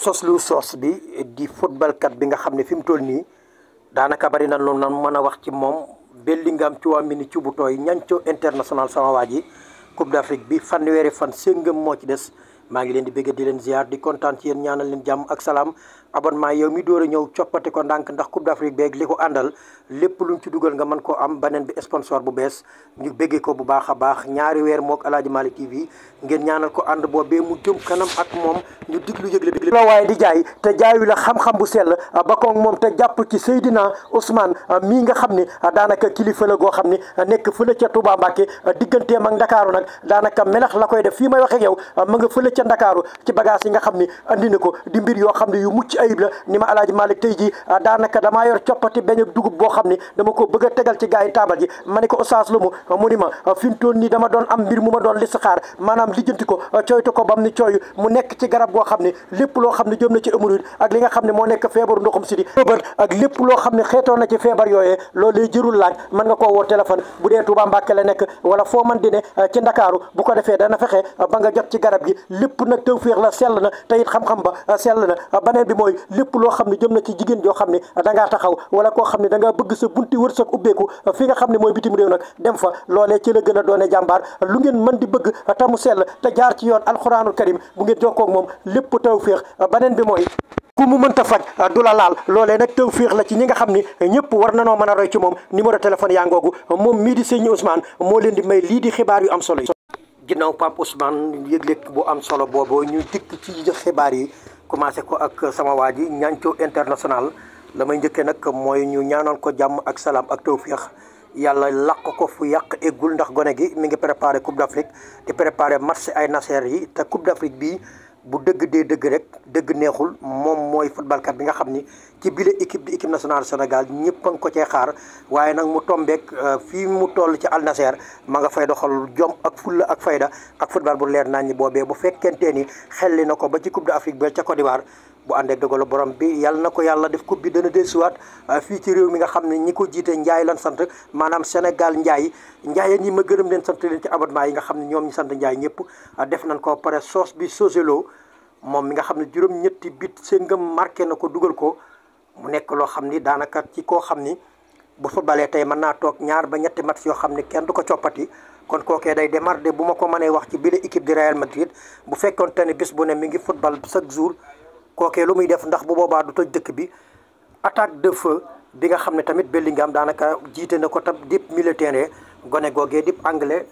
soslu soos bi di footballkat bi nga xam ne fi mu toll nii daanaka bari na lu nan mën a wax ci moom Bellingham ci waa mini ci bu tooy ñanco international sama waa ji Coupe d'Afrique bi fanweeri fan séngam moo ci des maa ngi leen di bëgg di leen ziar di kontaan ci yéen ñaanal leen jàmm ak salaam abonnement yow mi door a ñëw coppate ko ndànk ndax Coupe d'Afrique beeg li ko àndal lépp lu luñ ci dugal nga man koo am beneen bi sponsor bu bees ñu bëggee ko bu baax a baax ñaari weer mook Aladji Malick TV ngeen ñaanal ko ànd boobee mu jëm kanam ak moom ñu diglu yëgle bi la waaye di jaay te jaayu la xam-xam bu sell ba koog moom te jàpp ci Seydina Ousmane mii nga xam ni daanaka kilifa la goo xam ni nekk fële ca Touba Mbacké digganteem ak Ndakaaru nag daanaka melax la koy def fii ma nga fële ca ndakaaru ci bagage yi nga xam ne andi na ko di mbir yoo xam ne ah, a tegal ci gars yi taabal ma ne ah, ah, mu ma fi mu toon ko cooytu ko bam ni cooyu mu nekk ci garab goo xam ne lépp loo xam ne jëm na ci hémorroïde ak li nga xam ne moo nekk feebaru ndoxum siti feebar ak lépp loo na ci feebar yooyee loolu lay jërul laaj mën nga koo woo téléphone bu dee Tuubaa Mbàkke la nekk wala foo man di ci ndakaaru bu ko defee dana fexe ba nga jot ci garab gi lépp lépp nag tawféex la sell na te it xam-xam ba ah, sell na ah, baneen bi mooy lépp loo xam ne jëm na ci jigéen joo xam ne ah, da ngaa taxaw wala koo xam ne da ngaa bëgg sa bunti wërsëg ubbeeku fi nga xam ne mooy bitim réew nag dem fa loole ci la gën a doone jàmbaar lu ngeen mën di bëgg te mu sell te jaar ci yoon alxuraanul karim bu ngeen jokkoo ak moom lépp tawféex baneen bi mooy ku mu mënta faj du la laal loole nag taw féex la ci ñi nga xam ni ñëpp war na noo mën a moom numéro téléphone yaa ngoogu moom mii di sëñ Ousmane moo leen di may lii di xibaar yu am solo yi ginnaaw Pape Ousmane yëg bu am solo booboo ñu dikk ci xibaar yi commencé ko ak sama waa ji ñaancoo international la may njëkkee nag mooy ñu ñaanoon ko jàmm ak salaam ak tawféex yàlla làq ko fu yàq eggul ndax gone gi mi ngi préparé coupe d' afrique di préparé match ay naseer yi te coupe d' afrique bii bu dëgg dee dëgg rek dëgg neexul moom mooy footballkat bi nga xam ni ci bile équipe di équipe nationale Sénégal ñëpp a ko cee xaar waaye nag mu tombeek euh, fii mu toll ci Al Nassr ma nga fay doxalul jom ak fulla ak fayda ak football bu leer nañ ñi boobee bu fekkentee ni xelli na ko ba ci Coupe d'Afrique ba ca Côte d'Ivoire bu àndee dogalu borom bi yàlla na ko yàlla def ko bi dana dellusiwaat euh, fii ci réew mi nga xam ne ñi ko jiite njaay lan sant maanaam Sénégal njaay njaayeen yi ma gërëm leen sant leen ci abonnement yi nga xam ne ñoom ñu sant njaay ñëpp euh, def nañ ko pare soos bi soselo moom mi nga xam ne juróom-ñetti bit sëngam marqué na ko dugal ko mu nekk loo xam ni daanaka ci koo xam ni bu footballee tey mën naa toog ñaar ba ñetti mat yoo xam ne kenn du ko coppati kon kookee day démarrer bu ma ko mënee wax ci bile équipe di bu fekkoon ne bis bu ne mi ngi football chaque jour kookee lu muy def ndax bu boobaa du toj dëkk bi attaque de feu bi nga xam ne tamit Bellingham daanaka jiite na ko tam dip militaire gone googee dip anglais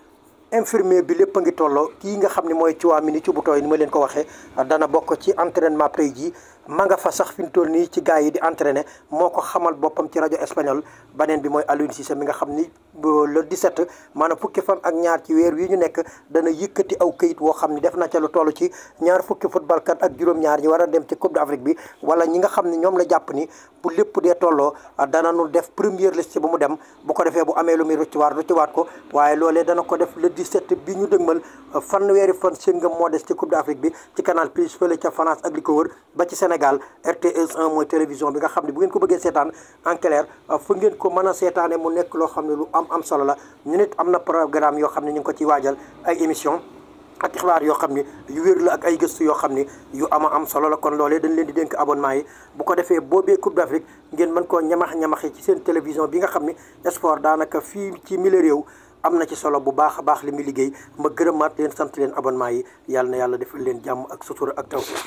infirmier bi lépp a ngi tolloo kii nga xam ne mooy Tchouaméni ci bu tooy ni ma leen ko waxee dana bokk ci entraînement pré ji ma nga fa sax fi mu toll nii ci gars yi di entraîné moo ko xamal boppam ci rajo espagnol beneen bi mooy Aliou Cissé mi nga xam ni le 17 a fukki fan ak ñaar ci weer wi ñu nekk dana yëkkati aw kayit woo xam ni def na ca lu toll ci ñaar fukki footballkat ak juróom-ñaar ñi war a dem ci Coupe d'Afrique bi wala ñi nga xam ne ñoom la jàpp ni bu lépp dee tolloo dananu def première liste bu mu dem bu ko defee bu amee lu muy rëccuwaat rëccuwaat ko waaye loolee dana ko def le 17 bi moo des ci Coupe d'Afrique Sénégal RTS 1 mooy télévision bi nga xam ne bu ngeen ko bëggee seetaan en euh, fu ngeen ko mën a seetaane mu nekk loo xam ne lu am am solo la ñu nit am na programme yoo xam ne ñu ngi ko ci waajal ay émission ak xibaar yoo xam ni yu wér la ak ay gëstu yoo xam ni yu ama am solo la kon loolee dañ leen di dénk abonnement yi bu ko defee boobee Coupe d'Afrique ngeen mën koo ñamax-ñamaxi ci seen télévision bi nga xam ni sport daanaka fii ci mille réew am na ci solo bu baax a baax li muy liggéey ma gërëmaat leen sant leen abonnement yi yàlla na yàlla defal leen jàmm ak sutura ak